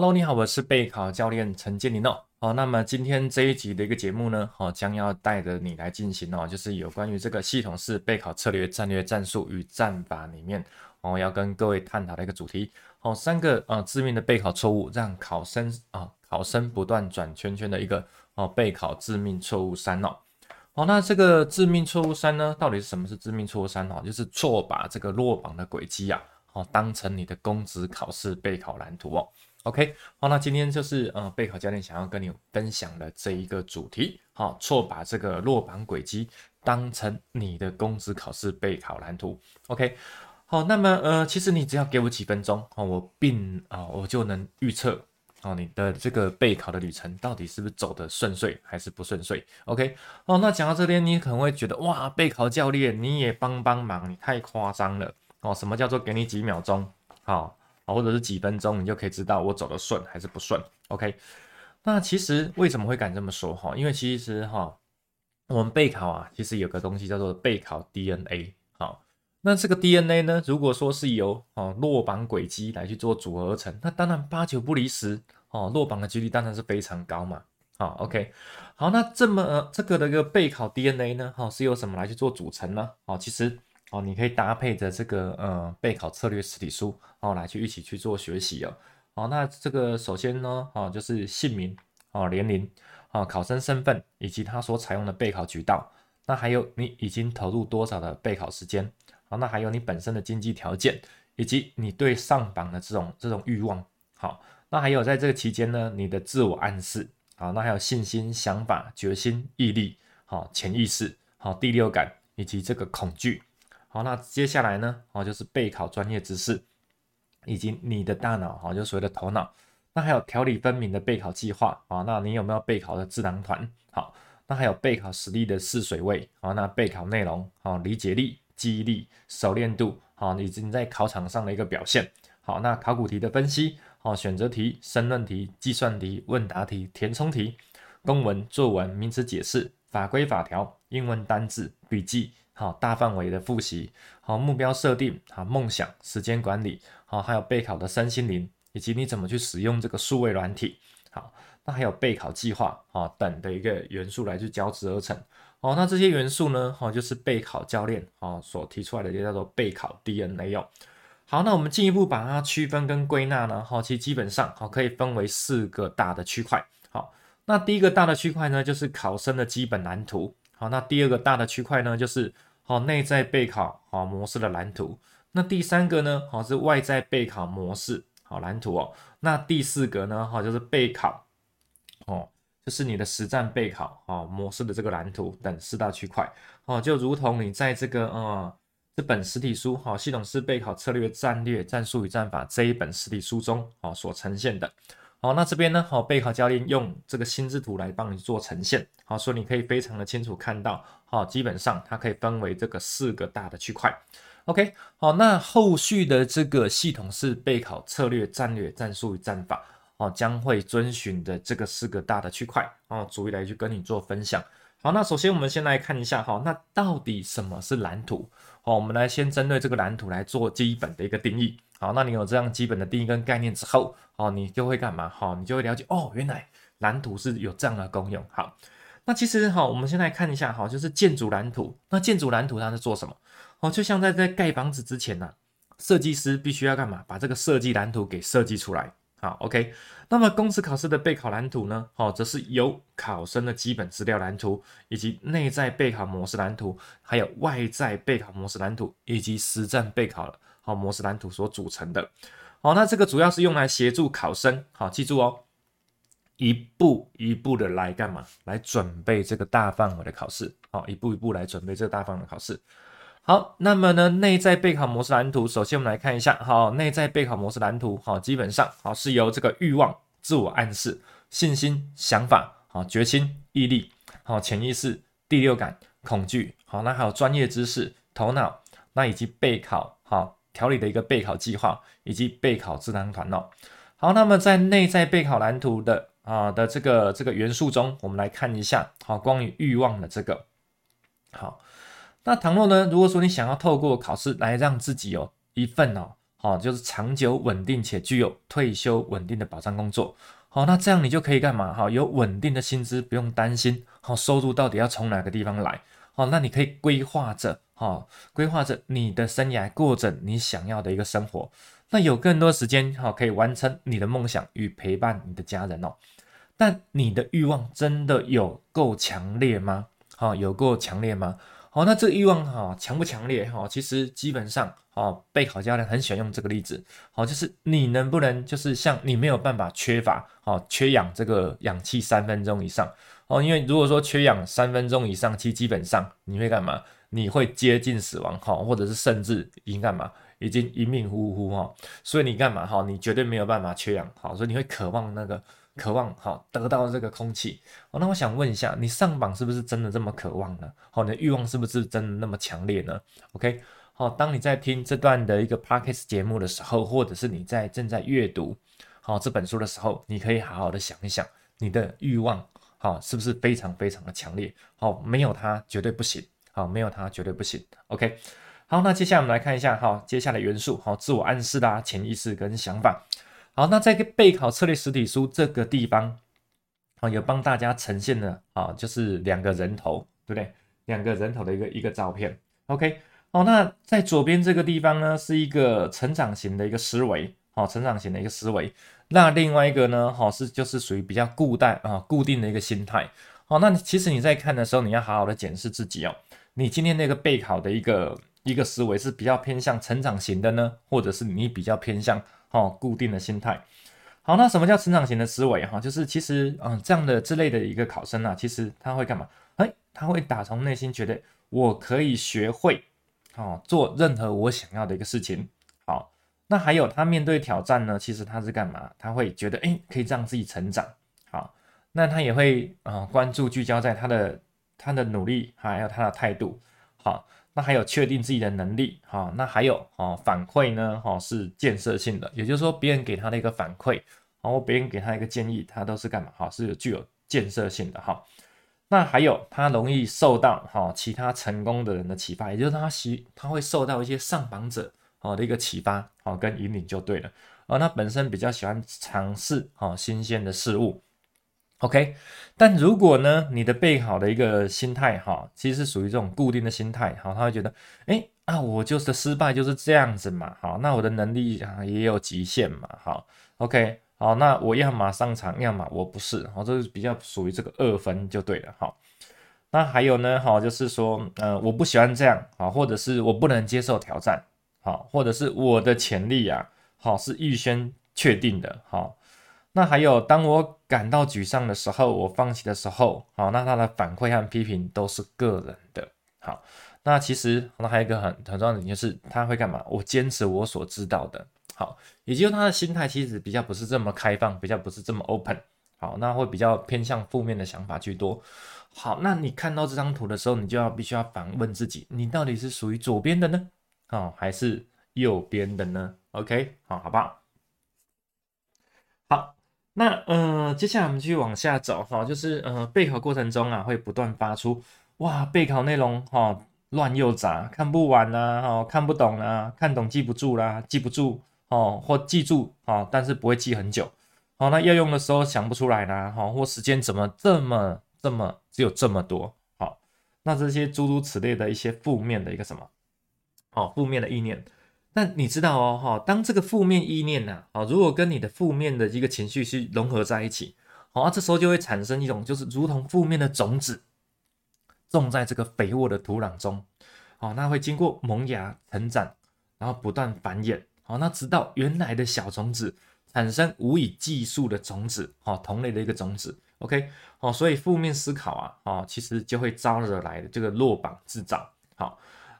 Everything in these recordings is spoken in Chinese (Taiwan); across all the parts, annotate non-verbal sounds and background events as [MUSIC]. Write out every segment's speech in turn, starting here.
Hello，你好，我是備考教練陳建林哦。好、哦，那麼今天這一集的一個節目呢，哦，將要帶着你來進行哦，就是有關於這個系統式備考策略、戰略、戰術與戰法裡面哦，要跟各位探討的一個主題哦，三個啊、呃、致命的備考錯誤，讓考生啊、哦、考生不斷轉圈圈的一個哦備考致命錯誤三哦。好、哦，那這個致命錯誤三呢，到底是什麼？是致命錯誤三哦，就是錯把這個落榜的軌跡啊，哦，當成你的公職考試備考藍圖哦。OK，好，那今天就是嗯、呃，備考教練想要跟你分享的這一個主題，好，錯把這個落榜軌跡當成你的公職考試備考藍圖。OK，好，那麼呃，其實你只要給我幾分鐘，好，我並啊，我就能預測哦你的這個備考的旅程到底是不是走得順遂還是不順遂。OK，哦，那講到這邊，你可能會覺得哇，備考教練你也幫幫忙，你太誇張了哦。什麼叫做給你幾秒鐘？好。或者是幾分鐘，你就可以知道我走得順還是不順。OK，那其實為什麼會敢這麼說哈？因為其實哈，我們備考啊，其實有個東西叫做備考 DNA。好，那這個 DNA 呢，如果說是由哦落榜軌跡來去做組合而成，那當然八九不離十哦，落榜的幾率當然是非常高嘛。好，OK，好，那這麼這個的一個備考 DNA 呢，好，是由什麼來去做組成呢？哦，其實。哦，你可以搭配着這個呃備考策略實體書哦來去一起去做學習哦。哦，那這個首先呢，哦就是姓名哦、年齡哦、考生身份以及他所採用的備考渠道。那還有你已經投入多少的備考時間？哦，那還有你本身的經濟條件以及你對上榜的這種這種慾望。好，哦，那還有在這個期間呢，你的自我暗示。好，哦，那還有信心、想法、決心、毅力。好，哦，潛意識好，哦，第六感以及這個恐懼。好，那接下來呢？哦、就是備考專業知識，以及你的大腦，哈、哦，就所謂的頭腦。那還有條理分明的備考計劃啊，那你有沒有備考的智囊團？好，那還有備考實力的四水位、哦、那備考內容、哦、理解力、記憶力、熟練度啊、哦，以及你在考場上的一個表現。好，那考古題的分析，哦，選擇題、申論題、計算題、問答題、填充題、公文、作文、名詞解釋、法規法條、英文單字、筆記。好，大範圍的複習，好，目標設定，好夢想，時間管理，好，還有備考的身心靈，以及你怎麼去使用這個數位軟體，好，那還有備考計劃，好，等的一個元素來去交織而成，好，那這些元素呢，好，就是備考教練，啊，所提出來的就叫做備考 DNA，哦，好，那我們進一步把它區分跟歸納呢，好，其實基本上，好，可以分為四個大的區塊，好，那第一個大的區塊呢，就是考生的基本藍圖，好，那第二個大的區塊呢，就是，好、哦，內在備考好、哦、模式的藍圖。那第三個呢？好、哦、是外在備考模式好、哦、藍圖哦。那第四個呢？好、哦、就是備考哦，就是你的實戰備考啊、哦、模式的這個藍圖等四大區塊哦，就如同你在這個呃這本實體書哈、哦《系統式備考策略、戰略、戰術與戰法》這一本實體書中啊、哦、所呈現的。好，那這邊呢？好，備考教練用這個心智圖來幫你做呈現，好，所以你可以非常的清楚看到，好，基本上它可以分為這個四個大的區塊。OK，好，那後續的這個系統式備考策略、戰略、戰術與戰法，哦，將會遵循的這個四個大的區塊，哦，逐一來去跟你做分享。好，那首先我們先來看一下，哈，那到底什麼是藍圖？好，我們來先針對這個藍圖來做基本的一個定義。好，那你有這樣基本的定義跟概念之後，哦，你就會幹嘛？哈、哦，你就會了解哦，原來藍圖是有這樣的功用。好，那其實哈、哦，我們先來看一下，哈、哦，就是建築藍圖。那建築藍圖它是做什麼？哦，就像在在蓋房子之前呢、啊，設計師必須要幹嘛？把這個設計藍圖給設計出來。好，OK，那麼公職考試的備考藍圖呢？哦，則是由考生的基本資料藍圖，以及內在備考模式藍圖，還有外在備考模式藍圖，以及實戰備考好、哦、模式藍圖所組成的。好、哦，那這個主要是用來協助考生，好、哦，記住哦，一步一步的來幹嘛？來準備這個大範圍的考試，好、哦，一步一步來準備這個大範圍的考試。好，那麼呢，內在備考模式藍圖，首先我們來看一下，好，內在備考模式藍圖，好，基本上好是由這個慾望、自我暗示、信心、想法，好，決心、毅力，好，潛意識、第六感、恐懼，好，那還有專業知識、頭腦，那以及備考，好，條理的一個備考計劃以及備考智囊團哦。好，那麼在內在備考藍圖的啊的這個這個元素中，我們來看一下，好，關於慾望的這個，好。那倘若呢，如果說你想要透過考試來讓自己有一份哦，好，就是長久穩定且具有退休穩定的保障工作，好，那這樣你就可以幹嘛？哈，有穩定的薪資，不用擔心，收入到底要從哪個地方來？那你可以規劃着，哈，規劃着你的生涯，過着你想要的一個生活，那有更多時間，哈，可以完成你的夢想與陪伴你的家人哦。但你的欲望真的有夠強烈嗎？哈，有夠強烈嗎？好、哦，那這個欲望哈強、哦、不強烈哈、哦？其實基本上哦，備考家人很喜歡用這個例子。好、哦，就是你能不能就是像你沒有辦法缺乏哈、哦、缺氧這個氧氣三分鐘以上哦？因為如果說缺氧三分鐘以上，其基本上你會幹嘛？你會接近死亡哈，或者是甚至已經幹嘛？已經一命嗚呼哈。所以你幹嘛哈、哦？你絕對沒有辦法缺氧好、哦，所以你會渴望那個。渴望好、哦、得到這個空氣哦，那我想問一下，你上榜是不是真的這麼渴望呢？哦，你的欲望是不是真的那麼強烈呢？OK，好、哦，當你在聽這段的一個 podcast 節目的時候，或者是你在正在閱讀好、哦、這本書的時候，你可以好好的想一想，你的欲望好、哦、是不是非常非常的強烈？好、哦，沒有它絕對不行，好、哦，沒有它絕對不行。OK，好，那接下來我們來看一下哈、哦，接下來元素好、哦，自我暗示啦，潛意識跟想法。好，那在備考策略實體書這個地方，啊、哦，有幫大家呈現的啊、哦，就是兩個人頭，對不對？兩個人頭的一個一個照片。OK，哦，那在左邊這個地方呢，是一個成長型的一個思維，哦，成長型的一個思維。那另外一個呢，哈、哦，是就是屬於比較固態啊，固定的一個心態。哦，那你其實你在看的時候，你要好好的檢視自己哦，你今天那個備考的一個一個思維是比較偏向成長型的呢，或者是你比較偏向，好，固定的心態。好，那什麼叫成長型的思維？哈，就是其實，嗯，這樣的之類的一個考生啊，其實他會幹嘛？哎、欸，他會打從內心覺得我可以學會，哦，做任何我想要的一個事情。好，那還有他面對挑戰呢，其實他是幹嘛？他會覺得，哎、欸，可以讓自己成長。好，那他也會，啊、呃，關注聚焦在他的他的努力，還有他的態度。好。那還有確定自己的能力哈，那還有哦反饋呢哈，是建設性的，也就是說別人給他的一個反饋，然後別人給他一個建議，他都是幹嘛哈，是具有建設性的哈。那還有他容易受到哈其他成功的人的啟發，也就是他喜他會受到一些上榜者哦的一個啟發啊跟引領就對了，而他本身比較喜歡嘗試啊新鮮的事物。OK，但如果呢，你的備考的一個心態哈，其實是屬於這種固定的心態，哈，他會覺得，哎、欸，啊，我就是失敗就是這樣子嘛，好，那我的能力啊也有極限嘛，好，OK，好，那我要嘛上場，要麼我不是，我這是比較屬於這個二分就對了，哈。那還有呢，好，就是說，嗯、呃，我不喜歡這樣啊，或者是我不能接受挑戰，好，或者是我的潛力啊，好，是預先確定的，好。那還有，當我感到沮喪的時候，我放棄的時候，好，那他的反饋和批評都是個人的。好，那其實那還有一個很很重要的點就是，他會幹嘛？我堅持我所知道的。好，也就是他的心態其實比較不是這麼開放，比較不是這麼 open。好，那會比較偏向負面的想法居多。好，那你看到這張圖的時候，你就要必須要反問自己，你到底是屬於左邊的呢，好、哦，還是右邊的呢？OK，好，好不好？好。那呃，接下來我們繼續往下走哈、哦，就是呃，備考過程中啊，會不斷發出哇，備考內容哈、哦、亂又雜，看不完啦、啊，哈、哦，看不懂啦、啊，看懂記不住啦、啊，記不住哦，或記住哦，但是不會記很久，哦，那要用的時候想不出來啦，哈、哦，或時間怎麼這麼這麼，這麼只有這麼多，好、哦，那這些諸如此類的一些負面的一個什麼，好、哦，負面的意念。那你知道哦，哈，當這個負面意念啊，如果跟你的負面的一個情緒去融合在一起，好，這時候就會產生一種，就是如同負面的種子，種在這個肥沃的土壤中，哦，那會經過萌芽、成長，然後不斷繁衍，哦，那直到原來的小種子產生無以計數的種子，好，同類的一個種子，OK，哦，所以負面思考啊，啊，其實就會招惹來的這個落榜之兆，好。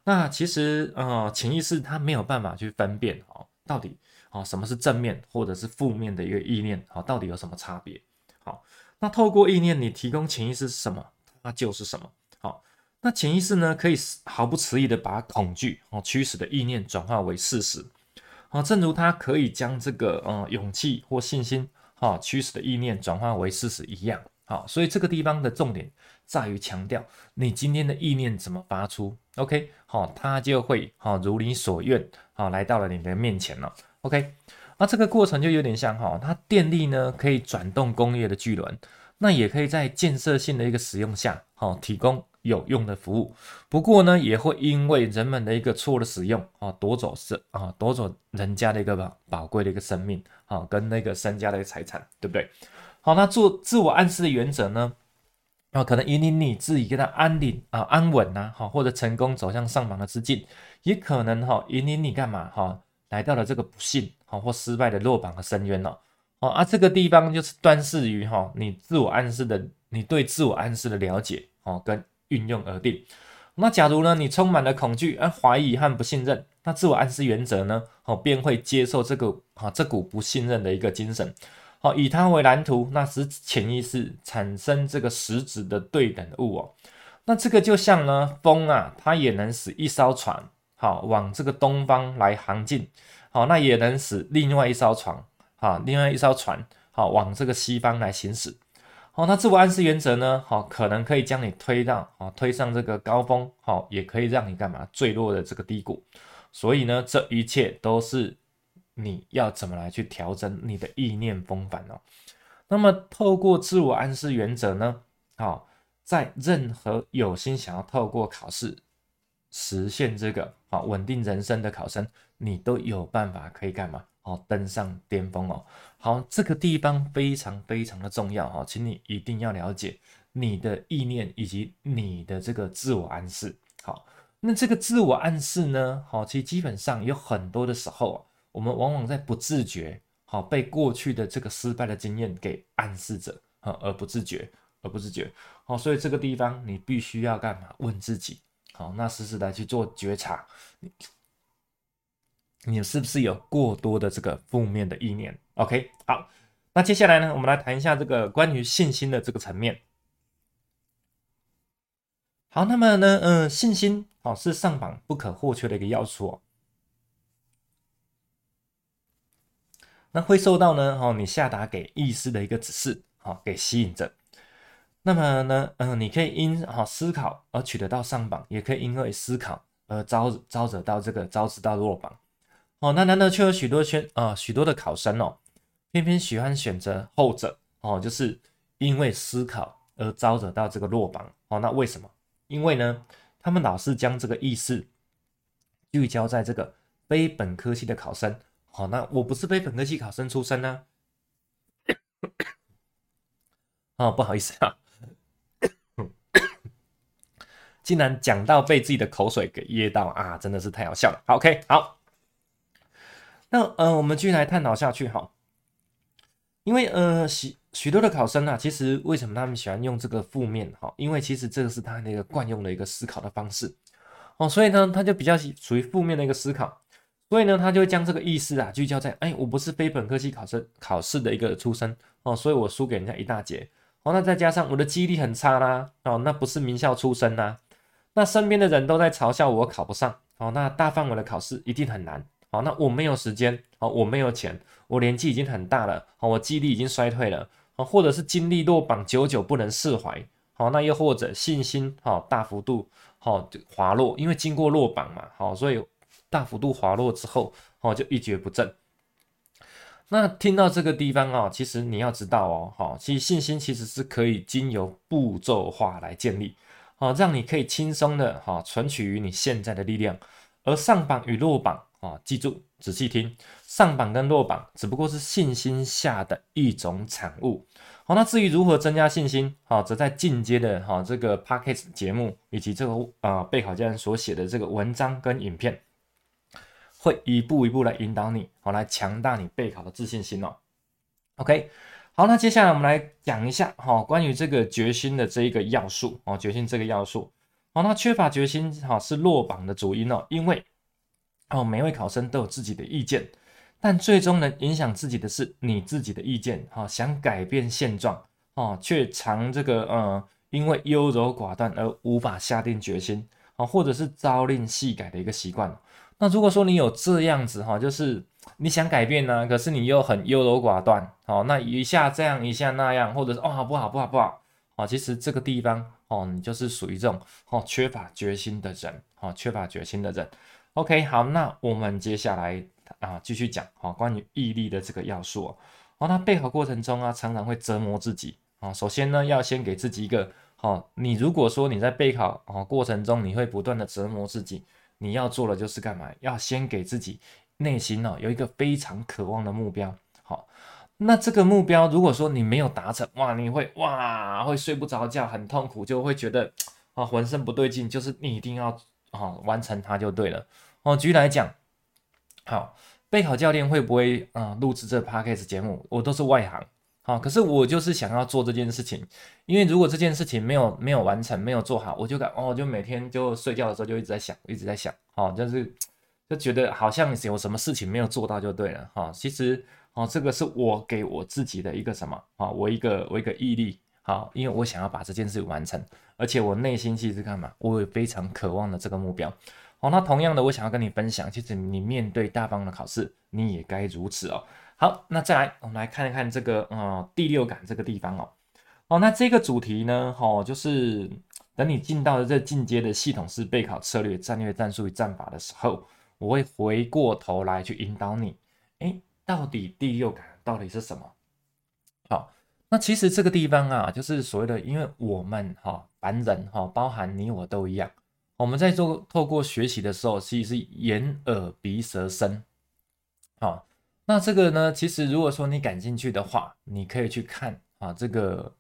那其實，呃，潛意識它沒有辦法去分辨，哦，到底，哦，什麼是正面或者是負面的一個意念，哈、哦，到底有什麼差別，好、哦，那透過意念你提供潛意識是什麼，那就是什麼，好、哦，那潛意識呢，可以毫不遲疑的把恐懼，哈、哦，驅使的意念轉化為事實，啊、哦，正如它可以將這個，呃，勇氣或信心，哈、哦，驅使的意念轉化為事實一樣。好，所以這個地方的重點在於強調你今天的意念怎麼發出，OK？好，它就會好、哦、如你所願，好、哦、來到了你的面前了、哦，OK？那、啊、這個過程就有點像哈、哦，它電力呢可以轉動工業的巨輪，那也可以在建設性的一個使用下，好、哦、提供有用的服務。不過呢，也會因為人們的一個錯的使用，啊、哦，奪走是，啊、哦，奪走人家的一個寶貴的一個生命，啊、哦，跟那個身家的一個財產，對不對？好、哦，那做自我暗示的原則呢？啊，可能引領你自己跟他安寧啊、安穩吶、啊，好或者成功走向上榜的致敬。也可能哈、哦、引領你幹嘛哈、哦？來到了這個不幸、哦、或失敗的落榜的深淵了。哦啊，這個地方就是端視於哈、哦、你自我暗示的你對自我暗示的了解哦跟運用而定。那假如呢你充滿了恐懼啊、呃、懷疑和不信任，那自我暗示原則呢、哦、便會接受這個、啊、這股不信任的一個精神。好，以它為藍圖，那使潛意識產生這個實質的對等物哦。那這個就像呢風啊，它也能使一艘船好往這個東方來行進，好，那也能使另外一艘船啊，另外一艘船好往這個西方來行駛。好，那自我暗示原則呢，好，可能可以將你推到啊，推上這個高峰，好，也可以讓你幹嘛墜落的這個低谷。所以呢，這一切都是。你要怎麼來去調整你的意念風帆哦，那麼透過自我暗示原則呢，好，在任何有心想要透過考試實現這個啊、哦、穩定人生的考生，你都有辦法可以幹嘛？哦，登上巔峰哦！好，這個地方非常非常的重要哈、哦，請你一定要了解你的意念以及你的這個自我暗示。好，那這個自我暗示呢，好，其實基本上有很多的時候、啊我們往往在不自覺，好、哦、被過去的這個失敗的經驗給暗示着，哈，而不自覺，而不自覺，好、哦，所以這個地方你必須要幹嘛？問自己，好、哦，那實時來去做覺察你，你是不是有過多的這個負面的意念？OK，好，那接下來呢，我們來談一下這個關於信心的這個層面。好，那麼呢，嗯、呃，信心，哦，是上榜不可或缺的一個要素。會受到呢，哦，你下達給意識的一個指示，哦，給吸引着。那麼呢，嗯、呃，你可以因好、哦、思考而取得到上榜，也可以因為思考而招招惹到這個招致到落榜。哦，那難道卻有許多圈，啊、呃，許多的考生哦，偏偏喜歡選擇後者，哦，就是因為思考而招惹到這個落榜。哦，那為什麼？因為呢，他們老是將這個意識聚焦在這個非本科系的考生。好、哦，那我不是非本科系考生出身呢、啊？ [COUGHS] 哦，不好意思啊， [COUGHS] 竟然講到被自己的口水給噎到啊，真的是太好笑了。OK，好，那呃，我們繼續來探討下去哈。因為呃許許多的考生啊，其實為什麼他們喜歡用這個負面哈？因為其實這個是他那個慣用的一個思考的方式哦，所以呢，他就比較屬於負面的一個思考。所以呢，他就會將這個意思啊聚焦在：哎，我不是非本科系考生考試的一個出身哦，所以我輸給人家一大截哦。那再加上我的記憶力很差啦哦，那不是名校出身吶、啊，那身邊的人都在嘲笑我考不上哦。那大範圍的考試一定很難哦。那我沒有時間哦，我沒有錢，我年紀已經很大了哦，我記憶力已經衰退了、哦、或者是經歷落榜久久不能釋懷哦。那又或者信心哈、哦、大幅度哈、哦、滑落，因為經過落榜嘛好、哦，所以。大幅度滑落之後，哦，就一蹶不振。那聽到這個地方啊，其實你要知道哦，哈，其實信心其實是可以經由步驟化來建立，哦，讓你可以輕鬆的哈、哦、存取於你現在的力量。而上榜與落榜啊、哦，記住仔細聽，上榜跟落榜只不過是信心下的一種產物。好、哦，那至於如何增加信心啊，則、哦、在進階的哈、哦、這個 Podcast 節目以及這個啊備、呃、考家人所寫的這個文章跟影片。會一步一步來引導你，哦，來強大你備考的自信心哦。OK，好，那接下來我們來講一下，好、哦、關於這個決心的這一個要素哦，決心這個要素。好、哦，那缺乏決心，哈、哦、是落榜的主因哦，因為哦每位考生都有自己的意見，但最終能影響自己的是你自己的意見。哈、哦，想改變現狀，哦卻常這個，呃因為優柔寡斷而無法下定決心，啊、哦，或者是朝令夕改的一個習慣。那如果說你有這樣子哈，就是你想改變呢，啊，可是你又很優柔寡斷，好，那一下這樣一下那樣，或者是哦不好不好不好，哦，其實這個地方哦，你就是屬於這種哦缺乏決心的人，缺乏決心的人。OK，好，那我們接下來啊繼續講啊關於毅力的這個要素。哦，那備考過程中啊，常常會折磨自己啊。首先呢，要先給自己一個好，你如果說你在備考啊過程中，你會不斷地折磨自己。你要做的就是幹嘛？要先給自己內心哦有一個非常渴望的目標。好，那這個目標如果說你沒有達成，哇，你會哇會睡不着覺，很痛苦，就會覺得啊、哦、渾身不對勁。就是你一定要啊、哦、完成它就對了。哦，舉例來講，好，備考教練會不會啊、呃、錄製這個 podcast 節目？我都是外行。啊！可是我就是想要做這件事情，因為如果這件事情沒有沒有完成，沒有做好，我就感哦，就每天就睡覺的時候就一直在想，一直在想，哦，就是就覺得好像有什麼事情沒有做到就對了哈、哦。其實哦，這個是我給我自己的一個什麼啊、哦？我一個我一個毅力，哈、哦，因為我想要把這件事完成，而且我內心其實幹嘛？我也非常渴望的這個目標。好、哦，那同樣的，我想要跟你分享，其實你面對大方的考試，你也該如此哦。好，那再來，我們來看一看這個，嗯、呃，第六感這個地方哦，哦，那這個主題呢，哈、哦，就是等你進到了這進階的系統式備考策略、戰略、戰術與戰法的時候，我會回過頭來去引導你，誒、欸，到底第六感到底是什麼？好、哦，那其實這個地方啊，就是所謂的，因為我們哈、哦，凡人哈、哦，包含你我都一樣，我們在做透過學習的時候，其實是眼、耳、鼻、舌、身，好、哦。那這個呢？其實如果說你感興趣的話，你可以去看啊，這個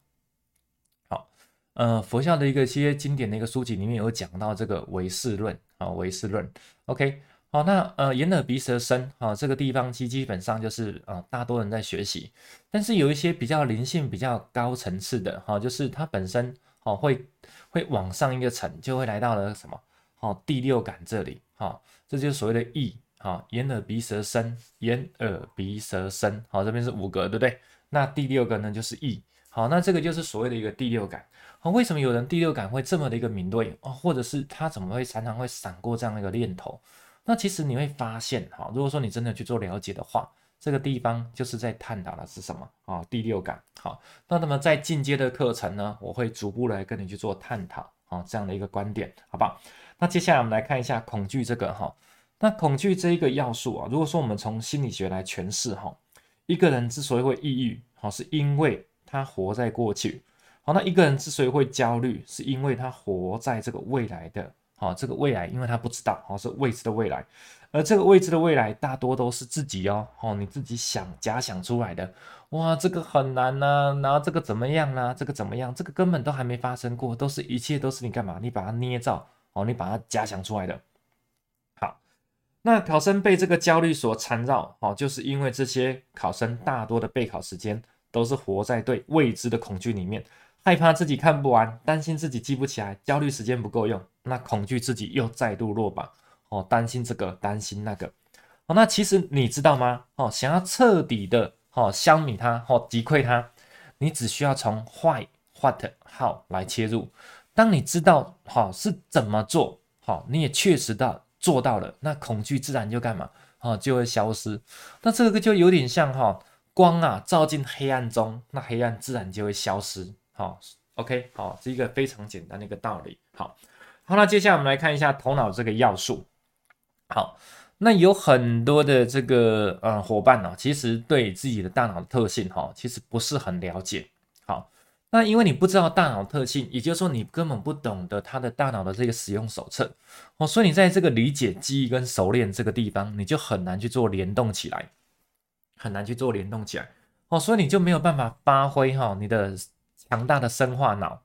好，呃，佛教的一個一些經典的一個書籍裡面有講到這個唯識論啊，唯識論。OK，好，那呃，眼耳鼻舌身啊，這個地方基基本上就是啊，大多人在學習，但是有一些比較靈性、比較高層次的哈、啊，就是它本身哦、啊，會會往上一個層，就會來到了什麼？哦、啊，第六感這裡哈、啊，這就是所謂的意。好，眼耳鼻舌身，眼耳鼻舌身，好，這邊是五個，對不對？那第六個呢，就是意。好，那這個就是所謂的一個第六感。好，為什麼有人第六感會這麼的一個敏銳啊？或者是他怎麼會常常會閃過這樣的一個念頭？那其實你會發現，哈，如果說你真的去做了解的話，這個地方就是在探討的是什麼啊？第六感。好，那那麼在進階的課程呢，我會逐步來跟你去做探討啊，這樣的一個觀點，好吧？那接下來我們來看一下恐懼這個哈。好那恐懼這一個要素啊，如果說我們從心理學來詮釋哈，一個人之所以會抑鬱，哈，是因為他活在過去，好，那一個人之所以會焦慮，是因為他活在這個未來的，好，這個未來因為他不知道，好，是未知的未來。而這個未知的未來大多都是自己哦，哦，你自己想假想出來的。哇，這個很難吶，啊，然後這個怎麼樣啊？這個怎麼樣？這個根本都還沒發生過，都是一切都是你幹嘛？你把它捏造，哦，你把它假想出來的。那考生被這個焦慮所纏繞，哦，就是因為這些考生大多的備考時間都是活在對未知的恐懼裡面，害怕自己看不完，擔心自己記不起來，焦慮時間不夠用，那恐懼自己又再度落榜，哦，擔心這個，擔心那個，哦，那其實你知道嗎？哦，想要徹底的，哦，消滅它，哦，擊潰它，你只需要從 why、what、how 來切入。當你知道，好、哦、是怎麼做，好、哦，你也確實的。做到了，那恐懼自然就幹嘛哦，就會消失。那這個就有點像哈、哦，光啊照進黑暗中，那黑暗自然就會消失。好、哦，OK，好、哦，是一個非常簡單的一個道理。好，好，那接下來我們來看一下頭腦這個要素。好，那有很多的這個呃夥伴呢、哦，其實對自己的大腦的特性哈、哦，其實不是很了解。好。那因為你不知道大腦特性，也就是說你根本不懂得他的大腦的這個使用手冊，哦，所以你在這個理解記憶跟熟練這個地方，你就很難去做聯動起來，很難去做聯動起來，哦，所以你就沒有辦法發揮哦，你的強大的生化腦，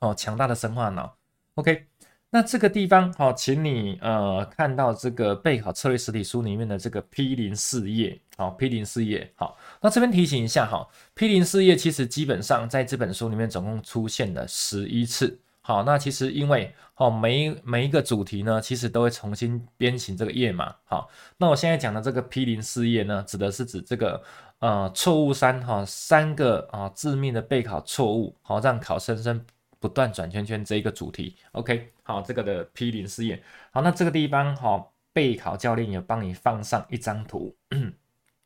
哦，強大的生化腦，OK。那這個地方哈，請你呃看到這個備考策略實體書裡面的這個 P 零四頁，好 P 零四頁，好，那這邊提醒一下哈，P 零四頁其實基本上在這本書裡面總共出現了十一次，好，那其實因為哈、哦、每每一個主題呢，其實都會重新編寫這個頁嘛，好，那我現在講的這個 P 零四頁呢，指的是指這個呃錯誤三哈三個啊、哦、致命的備考錯誤，好讓考生生。不斷轉圈圈這一個主題，OK，好，這個的批零試驗，好，那這個地方哈、哦，備考教練也幫你放上一張圖，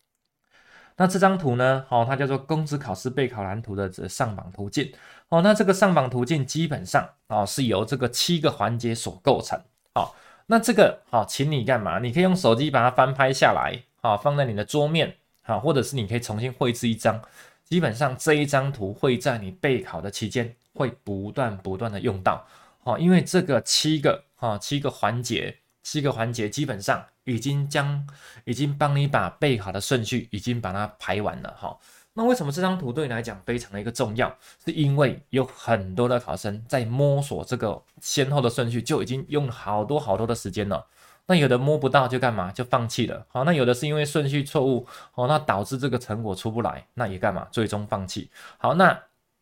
[COUGHS] 那這張圖呢，好、哦，它叫做公職考試備考藍圖的上榜途徑，哦，那這個上榜途徑基本上啊、哦、是由這個七個環節所構成，好、哦，那這個好、哦，請你幹嘛？你可以用手機把它翻拍下來，啊、哦，放在你的桌面，好、哦，或者是你可以重新繪製一張，基本上這一張圖會在你備考的期間。會不斷不斷的用到，好、哦，因為這個七個哈、哦、七個環節，七個環節基本上已經將已經幫你把備考的順序已經把它排完了哈、哦。那為什麼這張圖對你來講非常的一個重要？是因為有很多的考生在摸索這個先後的順序，就已經用好多好多的時間了。那有的摸不到就幹嘛？就放棄了。好、哦，那有的是因為順序錯誤哦，那導致這個成果出不來，那也幹嘛？最終放棄。好，那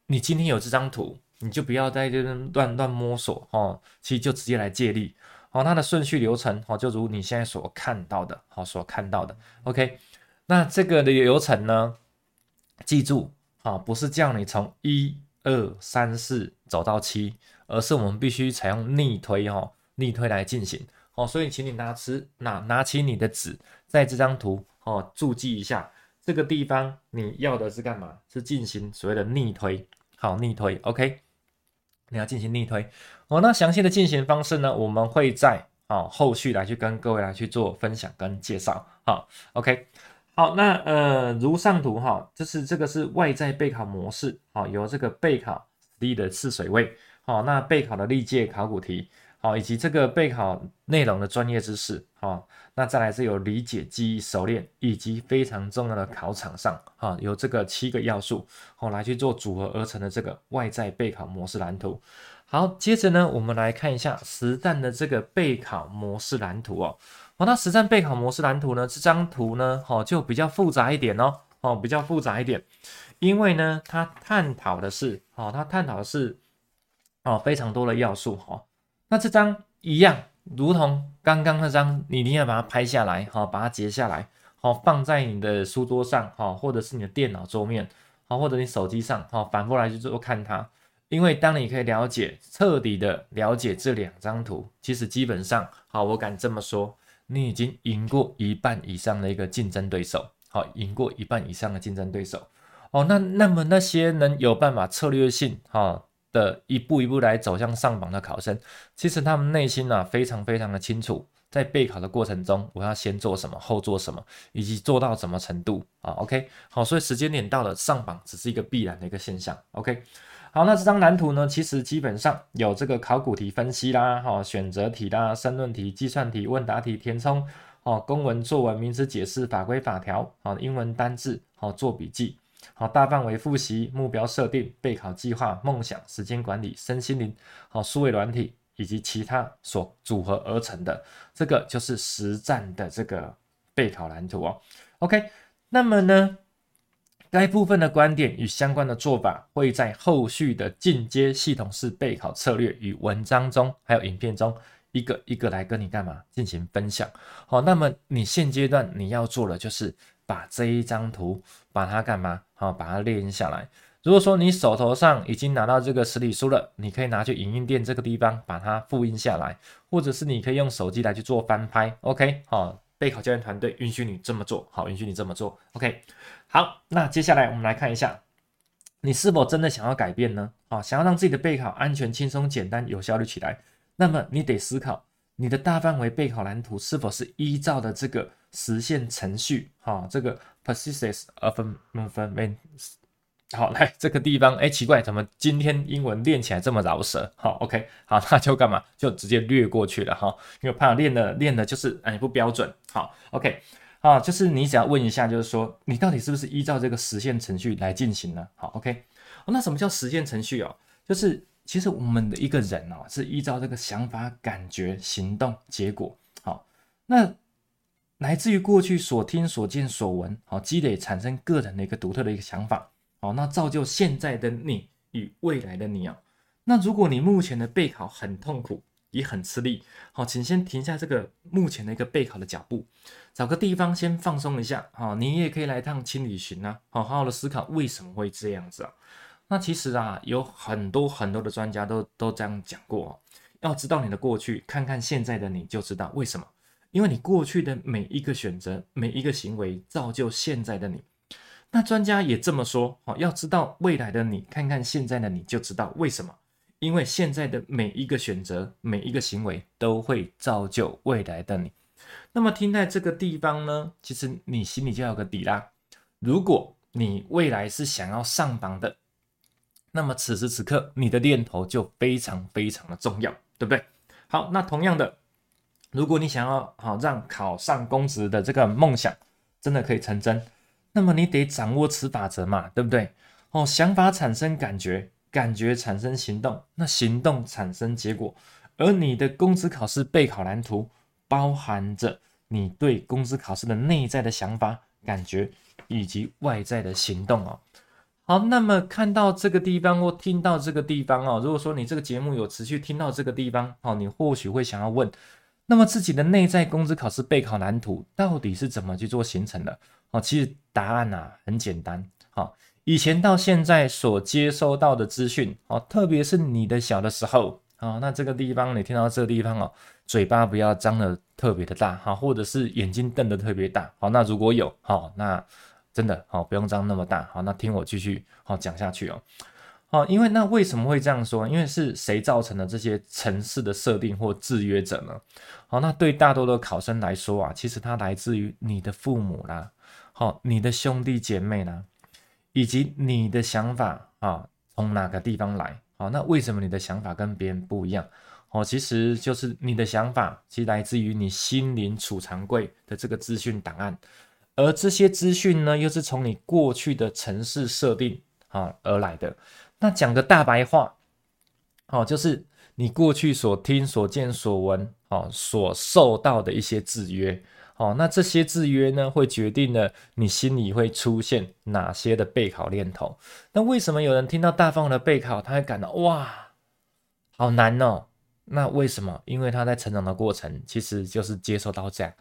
你今天有這張圖。你就不要在這邊亂亂摸索哦，其實就直接來借力，好，它的順序流程好就如你現在所看到的，好所看到的，OK，那這個的流程呢，記住啊，不是叫你從一二三四走到七，而是我們必須採用逆推哈，逆推來進行，哦，所以請你拿紙拿拿起你的紙，在這張圖哦，注記一下，這個地方你要的是幹嘛？是進行所謂的逆推，好，逆推，OK。你要進行逆推，哦，那詳細的進行方式呢？我們會在啊、哦、後續來去跟各位來去做分享跟介紹，哈、哦、，OK，好、哦，那呃如上圖哈，就是這個是外在備考模式，啊、哦，由這個備考實力四水位，哈、哦，那備考的歷屆考古題。哦，以及這個備考內容的專業知識，哦，那再來是有理解、記憶、熟練，以及非常重要的考場上，哈、哦，有這個七個要素，好、哦，來去做組合而成的這個外在備考模式藍圖。好，接着呢，我們來看一下實戰的這個備考模式藍圖哦，那、哦、實戰備考模式藍圖呢，這張圖呢，哦，就比較複雜一點哦，哦，比較複雜一點，因為呢，它探討的是，哦，它探討的是，哦，非常多的要素，哈、哦。那這張一樣，如同剛剛那張，你一定要把它拍下來，好，把它截下來，好，放在你的書桌上，好，或者是你的電腦桌面，好，或者你手機上，好，反過來就多看它。因為當你可以了解徹底的了解這兩張圖，其實基本上，好，我敢這麼說，你已經贏過一半以上的一個競爭對手，好，贏過一半以上的競爭對手。哦，那那麼那些能有辦法策略性，哈。的一步一步來走向上榜的考生，其實他們內心呢、啊、非常非常的清楚，在備考的過程中，我要先做什麼，後做什麼，以及做到什麼程度啊？OK，好、啊，所以時間點到了，上榜只是一個必然的一個現象。OK，好，那這張藍圖呢，其實基本上有這個考古題分析啦，哈、啊，選擇題啦，申論題、計算題、問答題、填充哦、啊，公文、作文、名詞解釋、法規法條啊，英文單字，好、啊、做筆記。好，大範圍複習、目標設定、備考計劃、夢想、時間管理、身心靈、好數位軟體以及其他所組合而成的，這個就是實戰的這個備考藍圖哦。OK，那麼呢，該部分的觀點與相關的做法，會在後續的進階系統式備考策略與文章中，還有影片中，一個一個來跟你幹嘛進行分享。好，那麼你現階段你要做的就是。把這一張圖，把它幹嘛？好、哦，把它列印下來。如果說你手頭上已經拿到這個實體書了，你可以拿去影印店這個地方把它複印下來，或者是你可以用手機來去做翻拍。OK，好、哦，備考教研團隊允許你這麼做，好，允許你這麼做。OK，好，那接下來我們來看一下，你是否真的想要改變呢？啊、哦，想要讓自己的備考安全、輕鬆、簡單、有效率起來，那麼你得思考。你的大範圍備考藍圖是否是依照的這個實現程序？哈、哦，這個 persistence of movement 好，來這個地方，哎，奇怪，怎麼今天英文練起來這麼饒舌？好、哦、，OK，好，那就幹嘛？就直接略過去了哈、哦，因為怕練的練的就是哎不標準。好、哦、，OK，啊、哦，就是你只要問一下，就是說你到底是不是依照這個實現程序來進行呢？好、哦、，OK，、哦、那什麼叫實現程序哦？就是。其實我們的一個人哦，是依照這個想法、感覺、行動、結果，好，那來自於過去所聽、所見、所聞，好，積累產生個人的一個獨特的一個想法，好，那造就現在的你與未來的你啊、哦。那如果你目前的備考很痛苦，也很吃力，好，請先停下這個目前的一個備考的腳步，找個地方先放鬆一下，好，你也可以來趟輕旅行啊，好好好的思考為什麼會這樣子啊。那其實啊，有很多很多的專家都都這樣講過哦，要知道你的過去，看看現在的你就知道為什麼，因為你過去的每一個選擇、每一個行為造就現在的你。那專家也這麼說，哦，要知道未來的你，看看現在的你就知道為什麼，因為現在的每一個選擇、每一個行為都會造就未來的你。那麼聽在這個地方呢，其實你心裡就要有個底啦。如果你未來是想要上榜的，那麼此時此刻，你的念頭就非常非常的重要，對不對？好，那同樣的，如果你想要好讓考上公職的這個夢想真的可以成真，那麼你得掌握此法則嘛，對不對？哦，想法產生感覺，感覺產生行動，那行動產生結果。而你的公職考試備考藍圖，包含着你對公職考試的內在的想法、感覺以及外在的行動哦。好，那麼看到這個地方或聽到這個地方哦，如果說你這個節目有持續聽到這個地方，好、哦，你或許會想要問，那麼自己的內在公職考試備考藍圖到底是怎麼去做形成的？哦，其實答案啊很簡單，好、哦，以前到現在所接收到的資訊，哦，特別是你的小的時候，啊、哦，那這個地方你聽到這個地方哦，嘴巴不要張得特別的大，好、哦，或者是眼睛瞪得特別大，好、哦，那如果有，好、哦，那。真的好、哦，不用張那麼大好，那聽我繼續好講、哦、下去哦，好、哦，因為那為什麼會這樣說？因為是誰造成了這些城市的設定或制約者呢？好、哦，那對大多數考生來說啊，其實它來自於你的父母啦，好、哦，你的兄弟姐妹啦，以及你的想法啊，從、哦、哪個地方來？好、哦，那為什麼你的想法跟別人不一樣？哦，其實就是你的想法其實來自於你心靈儲藏櫃的這個資訊檔案。而這些資訊呢，又是從你過去的程式設定啊、哦、而來的。那講個大白話，哦，就是你過去所聽、所見、所聞，哦，所受到的一些制約。哦，那這些制約呢，會決定了你心裡會出現哪些的備考念頭。那為什麼有人聽到大方的備考，他會感到哇，好難哦？那為什麼？因為他在成長的過程，其實就是接受到這樣。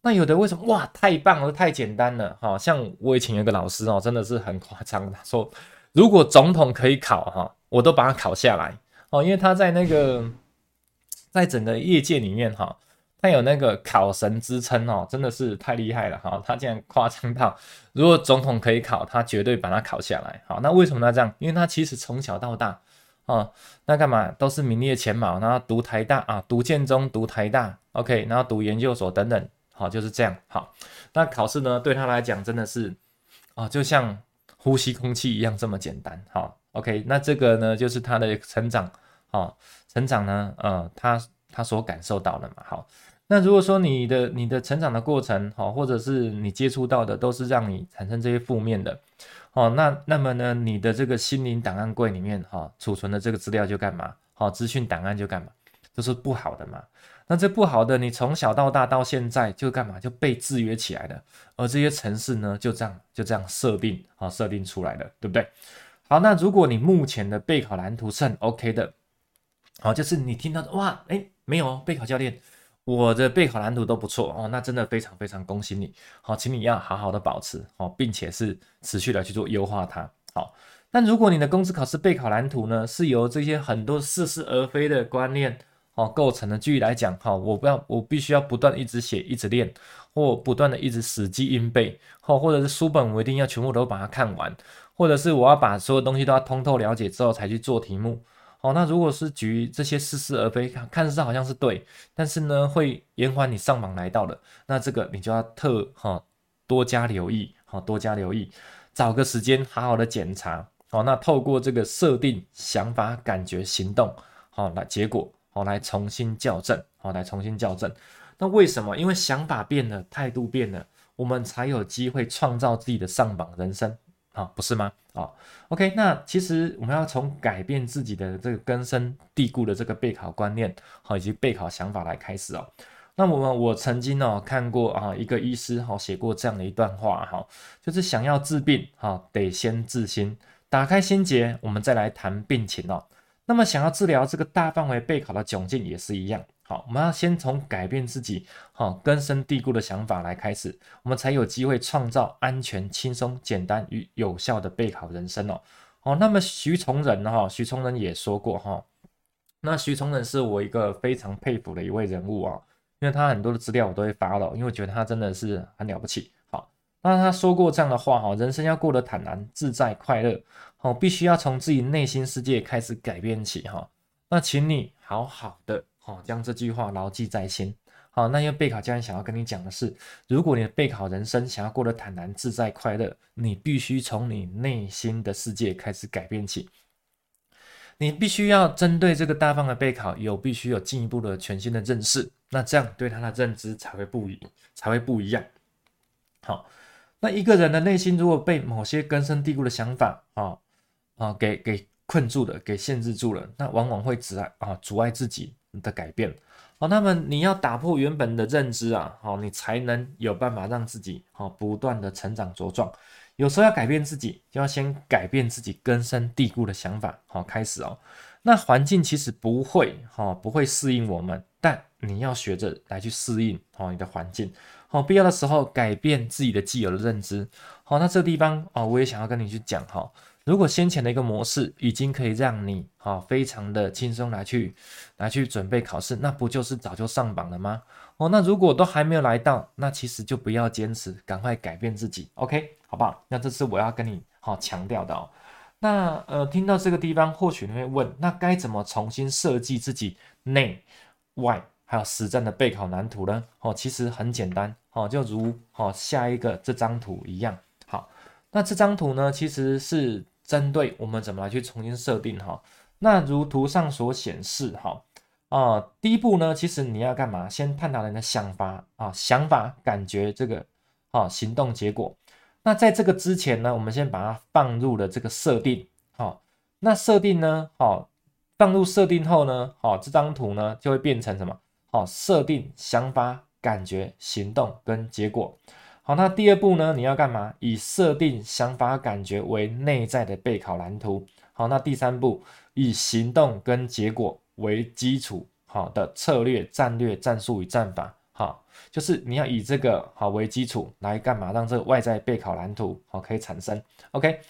那有的為什麼哇？太棒了，太簡單了。好、哦、像我以前有個老師哦，真的是很誇張。他說，如果總統可以考哈、哦，我都把他考下來哦。因為他在那個，在整個業界裡面哈、哦，他有那個考神之稱哦，真的是太厲害了哈、哦。他竟然誇張到，如果總統可以考，他絕對把他考下來。好、哦，那為什麼他這樣？因為他其實從小到大哦，那幹嘛都是名列前茅。然後讀台大啊，讀建中，讀台大，OK，然後讀研究所等等。好，就是這樣。好，那考試呢，對他來講真的是啊、哦，就像呼吸空氣一樣這麼簡單。好，OK，那這個呢，就是他的成長。好、哦，成長呢，呃，他他所感受到的嘛。好，那如果說你的你的成長的過程，好、哦，或者是你接觸到的都是讓你產生這些負面的，好、哦，那那麼呢，你的這個心靈檔案櫃裡面，哈、哦，儲存的這個資料就幹嘛？好、哦，資訊檔案就幹嘛？就是不好的嘛。那這不好的，你從小到大到現在就幹嘛，就被制約起來的。而這些程式呢，就這樣就這樣設定啊，設定出來的，對不對？好，那如果你目前的備考藍圖是很 OK 的，好，就是你聽到哇，哎，沒有哦，備考教練，我的備考藍圖都不錯哦，那真的非常非常恭喜你，好，請你要好好的保持哦，並且是持續的去做優化它。好，那如果你的公職考試備考藍圖呢，是由這些很多似是而非的觀念。哦，構成的句意來講，哈，我不要，我必須要不斷一直寫，一直練，或不斷的一直死記硬背，哦，或者是書本我一定要全部都把它看完，或者是我要把所有東西都要通透了解之後才去做題目，哦，那如果是舉這些似是而非，看似是好像是對，但是呢會延緩你上榜來到的，那這個你就要特哈多加留意，哈，多加留意，找個時間好好的檢查，哦，那透過這個設定想法、感覺、行動，哦，那結果。我來重新校正，好，來重新校正。那為什麼？因為想法變了，態度變了，我們才有機會創造自己的上榜人生，不是嗎？啊，OK，那其實我們要從改變自己的這個根深蒂固的這個備考觀念，好，以及備考想法來開始哦。那我們，我曾經呢看過啊，一個醫師好寫過這樣的一段話哈，就是想要治病哈，得先治心，打開心結，我們再來談病情哦。那麼，想要治療這個大範圍備考的窘境，也是一樣。好，我們要先從改變自己，哈、哦，根深蒂固的想法來開始，我們才有機會創造安全、輕鬆、簡單與有效的備考人生哦。好、哦，那麼徐重仁，哈、哦，徐重仁也說過，哈、哦，那徐重仁是我一個非常佩服的一位人物啊、哦，因為他很多的資料我都會 follow，因為我覺得他真的是很了不起。好、哦，那他說過這樣的話，哈、哦，人生要過得坦然、自在、快樂。哦，必須要從自己內心世界開始改變起哈。那請你好好的將這句話牢記在心。好，那因為備考家人想要跟你講的是，如果你的備考人生想要過得坦然、自在、快樂，你必須從你內心的世界開始改變起。你必須要針對這個大方的備考，有必須有進一步的全新的認識。那這樣對他的認知才會不一，才會不一樣。好，那一個人的內心如果被某些根深蒂固的想法啊。啊、哦，給給困住了，給限制住了，那往往會阻礙啊，阻礙自己的改變。哦，那麼你要打破原本的認知啊，哦，你才能有辦法讓自己哦不斷的成長茁壯。有時候要改變自己，就要先改變自己根深蒂固的想法。好、哦，開始哦。那環境其實不會哈、哦，不會適應我們，但你要學着來去適應哦，你的環境。哦，必要的時候改變自己的既有的認知。好、哦，那這個地方啊、哦，我也想要跟你去講哈。哦如果先前的一個模式已經可以讓你哈、哦、非常的輕鬆來去，來去準備考試，那不就是早就上榜了嗎？哦，那如果都還沒有來到，那其實就不要堅持，趕快改變自己。OK，好不好？那這是我要跟你哈、哦、強調的哦。那呃，聽到這個地方，或許你會問，那該怎麼重新設計自己內、外還有實戰的備考藍圖呢？哦，其實很簡單，哦，就如哦下一個這張圖一樣。好，那這張圖呢，其實是。針對我們怎麼來去重新設定哈？那如圖上所顯示哈、啊、第一步呢，其實你要幹嘛？先探討你的想法啊，想法、感覺這個啊，行動結果。那在這個之前呢，我們先把它放入了這個設定好、啊。那設定呢，好、啊、放入設定後呢，好、啊、這張圖呢就會變成什麼？好、啊，設定、想法、感覺、行動跟結果。好，那第二步呢？你要幹嘛？以設定想法、感覺為內在的備考藍圖。好，那第三步，以行動跟結果為基礎，好的策略、戰略、戰術與戰法。好，就是你要以這個好為基礎來幹嘛？讓這個外在備考藍圖好可以產生。OK。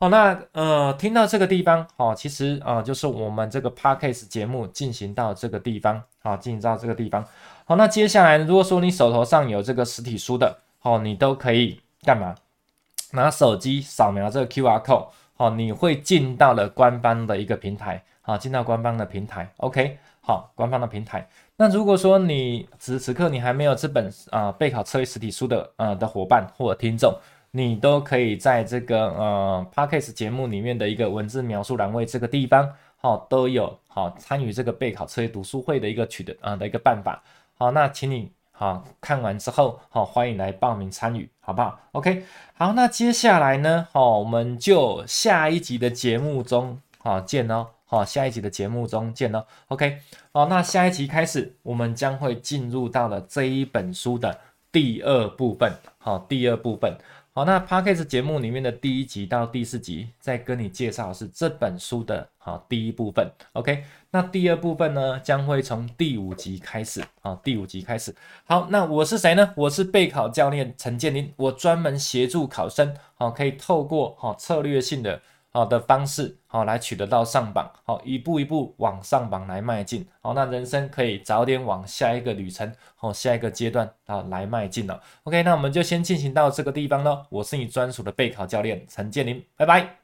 好，那呃，聽到這個地方，好，其實啊，就是我們這個 Podcast 節目進行到這個地方，好，進行到這個地方。好，那接下來如果說你手頭上有這個實體書的。哦，你都可以幹嘛？拿手機掃描這個 QR code，哦，你會進到了官方的一個平台，啊，進到官方的平台，OK，好，官方的平台。那如果說你此時此刻你還沒有這本啊、呃、備考策略實體書的呃的夥伴或者聽眾，你都可以在這個呃 Podcast 節目裡面的一個文字描述欄位這個地方，好、哦、都有好、哦、參與這個備考策略讀書會的一個取得啊、呃、的一個辦法。好，那請你。啊，看完之後，好，歡迎來報名參與，好不好？OK，好，那接下來呢，好，我們就下一集的節目中，好，見哦，好，下一集的節目中見哦。OK，好，那下一集開始，我們將會進入到了這一本書的第二部分，好，第二部分。好，那 Podcast 節目裡面的第一集到第四集，再跟你介紹是這本書的，好，第一部分。OK，那第二部分呢，將會從第五集開始，啊，第五集開始。好，那我是誰呢？我是備考教練陳建林，我專門協助考生，啊，可以透過，哈策略性的。好的方式，好來取得到上榜，好一步一步往上榜來邁進，好那人生可以早點往下一個旅程，好下一個階段啊來邁進了。OK，那我們就先進行到這個地方了。我是你專屬的備考教練陳建林，拜拜。